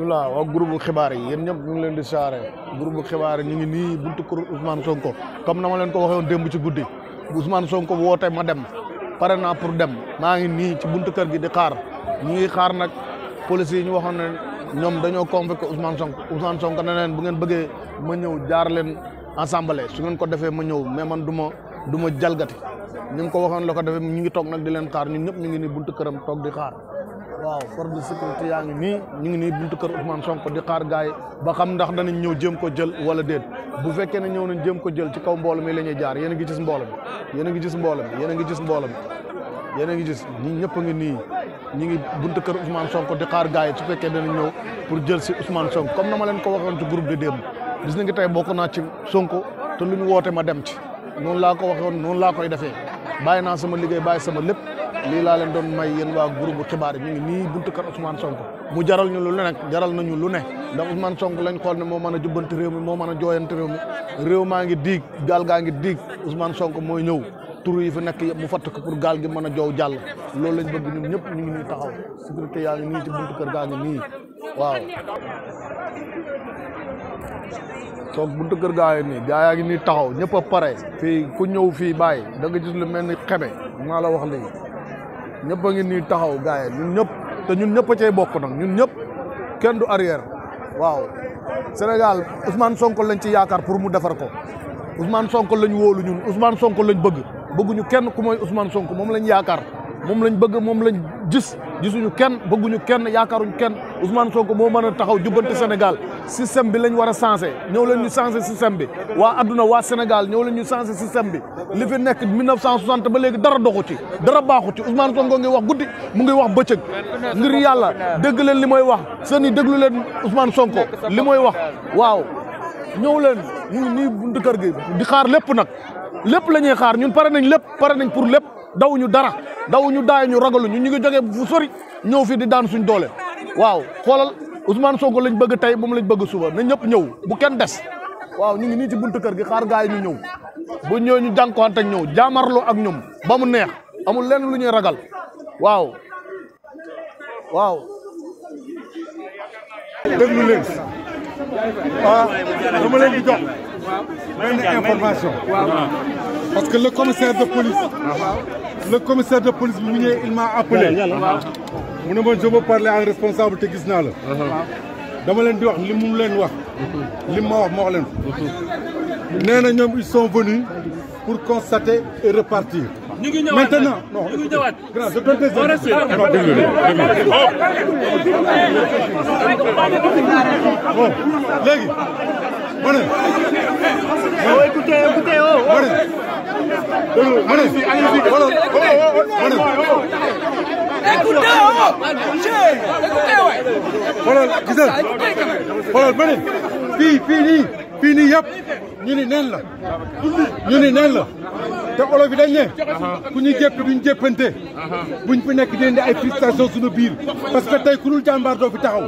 bisimilah waa groupe xibaar yi yéen ñëpp ñu ngi leen di saare groupe xibaar yi ñu ngi nii buntu kër Ousmane Sonko comme na ma leen ko waxee woon bu ci guddi bu Ousmane Sonko woote ma dem pare naa pour dem maa ngi nii ci buntu kër gi di xaar ñu ngi xaar nag police yi ñu waxoon ne ñoom dañoo convoqué Ousmane Sonko Ousmane Sonko ne leen bu ngeen bëggee ma ñëw jaar leen assemblée su ngeen ko defee ma ñëw mais man du ma du ma jalgati ñu ngi ko waxoon la toog nag di leen xaar ñun ñëpp ñu ngi n buntu këram toog waaw force de sécurité yaa ngi nii ñu ngi nii buntu kër Ousmane Sonko di xaar gaay ba xam ndax danañ ñëw jëm ko jël wala déet bu fekkee ne ñëw nañ jëm ko jël ci kaw mboolo mi la ñuy jaar yéen a ngi gis mboolo mi yéen a ngi gis mboolo mi yéen a ngi gis mboolo mi a ngi gis ñi ñëpp ngi nii ñi ngi buntu kër Ousmane Sonko di xaar gaay su fekkee danañ ñëw pour jël si Ousmane Sonko comme na ma leen ko waxoon ci groupe de démb bis na ngi tey bokk naa ci Sonko te mu ñu woote ma dem ci noonu laa ko waxoon noonu laa koy defee bàyyi naa sama liggéey bàyyi sama lépp lii laa leen doon may yéen waa groupe xibaar yi ñu ngi nii buntu kan Ousmane Sonko mu jaral ñu lu ne nag jaral nañu lu ne ndax Ousmane sonk lañ xool ne moo mën a jubbanti réew mi moo man a jooyanti réew mi réew maa ngi diig gaal gaa ngi diig usmaan sonk mooy ñëw tur yi fi nekk mu fatt ko pour gaal gi mën a joow jàll loolu lañ bëgg ñun ñëpp ñu ngi nii taxaw sécurité yaa ngi nii ci buntu kër gaa ngi nii waaw soo buntu kër gaa ngi nii gaa yaa ngi nii taxaw ñëpp a ku ñëw fii bàyyi da nga gis lu mel ni xeme maa la wax léegi ñëpp a ngi nii taxaw gars yi ñun ñëpp te ñun ñëpp a cay bokk nag ñun ñëpp kenn du arrière waaw Sénégal Ousmane Sonko lañ ci yaakaar pour mu defar ko Ousmane Sonko lañ wóolu ñun usmaan Sonko lañ bëgg bëgguñu kenn ku mooy Ousmane Sonko moom lañ yaakaar. moom lañ bëgg moom lañ gis gisuñu kenn bëgguñu kenn yaakaaruñu kenn Ousmane Sonko moo mën a taxaw jubbante Sénégal système bi lañ war a changé ñëw leen ñu changé système bi waa adduna waa Sénégal ñëw leen ñu changé système bi li fi nekk 1960 ba léegi dara doxu ci dara baaxu ci Ousmane Sonko ngi wax guddi mu ngi wax bëccëg ngir yàlla dégg leen li mooy wax seen i déglu leen Ousmane Sonko li mooy wax waaw ñëw leen ñu ngi nii buntu kër gi di xaar lépp nag lépp la ñuy xaar ñun pare nañ lépp pare nañ pour lépp dawuñu dara dawuñu daayuñu ragaluñu ñu ngi jógee fu sori ñëw fii di daan suñ doole waaw xoolal Ousmane Sonko lañ bëgg tey moom lañ bëgg suba na ñëpp ñëw bu kenn des waaw ñu ngi nii ci buntu kër gi xaar gaay ñu ñëw bu ñëw ñu jànkuwante ak ñëw jaamarloo ak ñoom ba mu neex amul lenn lu ñuy ragal waaw waaw déglu leen ah dama leen di jox benn parce que le commissaire de police. le commissaire de police bi mu ñëwee il appelé. mu ne ma parler en responsable te gis naa la. dama leen di wax li leen wax. li ma wax ma wax leen ko. nee na ñoom ils sont venus pour constater et repartir. maintenant non ma ne waaw xoolal gis nga xoolal ba léegi fii fii nii fii nii yëpp ñu ni neen la ñu ni neen la te olof yi dañ ne ku ñu jépp duñ jéppante buñ fi nekk dindi ay frustration suñu biir parce que tey ku dul jàmbaar doo fi taxaw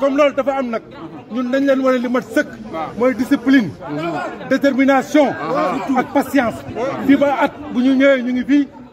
comme loolu dafa am nag ñun dañ leen wane li mat sëkk mooy discipline détermination ak patience fii ba at bu ñu ñëwee ñu ngi fii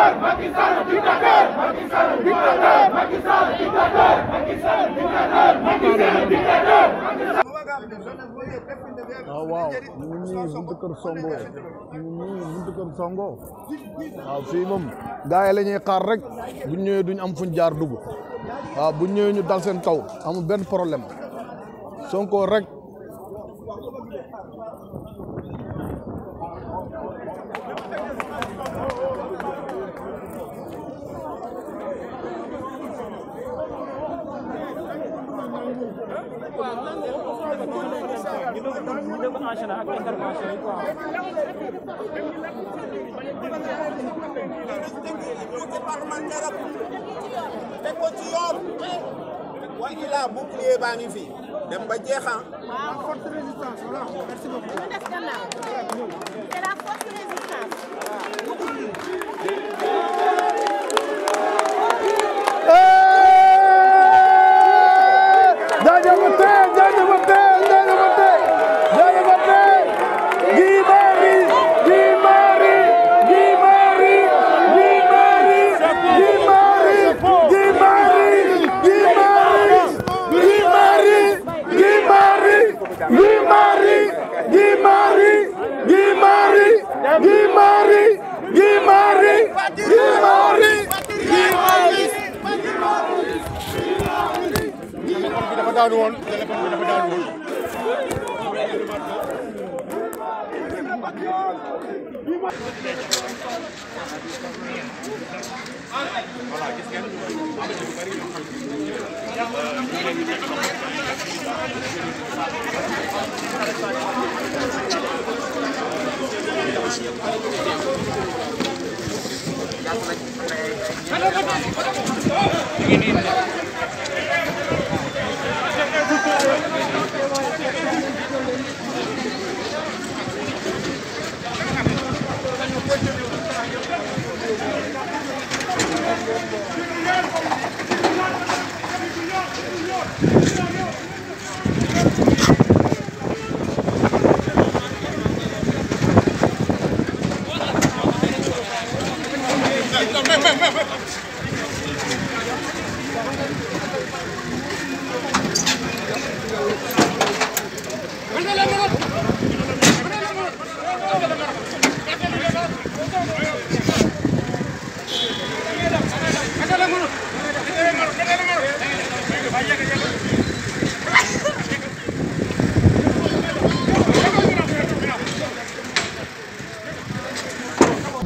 dictateur Macky Sall dictateur Macky Sall dictateur Macky oh, Sall dictateur Macky Sall dictateur Macky Sall dictateur waaw waaw ñu ngi nii buntu kër Sonko ñu ngi nii buntu kër Sonko waaw fii moom gars yi la ñuy xaar rek bu ñu ñëwee duñ am fuñ jaar dugg waaw bu ñu ñëwee ñu dal seen kaw amul benn problème Sonko rek. teg ko ci yoon wa ilaa bouclier baa fi dem ba jeexan forte résistance voilà merci beaucoup c'est la résistance daanu woon téléphone bi dafa daanu woon. voilà gis ngeen am na ñu bëri ñoo xam ne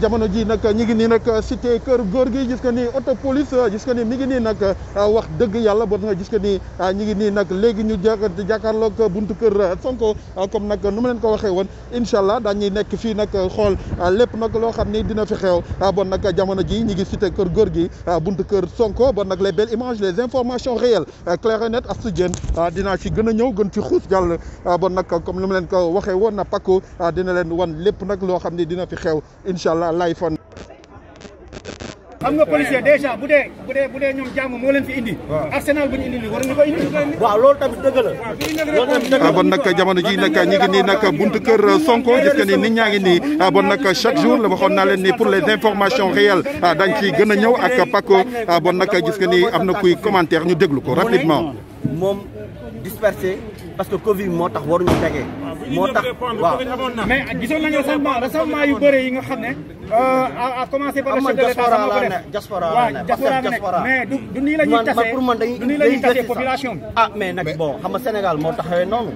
jamono ji nag ñu ngi nii nag cité kër góor gi gis nga ni auto police gis nga ni mi ngi nii nag ah, wax dëgg yàlla ba nga gis nga ni ah, ñu ngi nii nag léegi ñu jàkkaarloog buntu kër Sonko ah, comme nag nu ma leen ko waxee woon incha allah dañuy nekk fii nag xool lépp nag loo xam ni dina fi xew bon nag jamono ji ñu ngi cité kër góor gi buntu kër Sonko bon nag le belles images les informations réelles claires a nettes Astou Diène dinaa ci gën a ñëw gën ci xuus jàll bon nag comme nu ma leen ko waxee woon na Paco dina leen wan lépp nag loo xam ni dina fi xew incha allah l'iPhone. xam nga policier déjà bu dee bu dee ñoom jàmm moo leen fi indi. arsenal bu ñu indi nii war nañu ko indi. waaw loolu tamit dëgg la. Ah, bon nag jamono ji nag ñu ngi nii nag buntu kër Sonko gis nga ni nit ñaa ngi nii ah, bon nag chaque jour la waxoon naa leen ni pour les informations réelles ah, dañ ciy gën a ñëw ak Paco bon nag gis nga ni am na kuy commentaire ñu déglu ko rapidement. moom dispersé parce que Covid moo tax waruñu tege. moo tax waaw mais gisoon nañu rassemblement rassemblement yu bëre yi nga xam ne. Euh, à commencer par le chef de l'État sama ko def diaspora la a diaspora la ne mais du du nii la ñuy tasee pour man dañuy du nii la ñuy ah, nag bon xam nga moo taxawee noonu.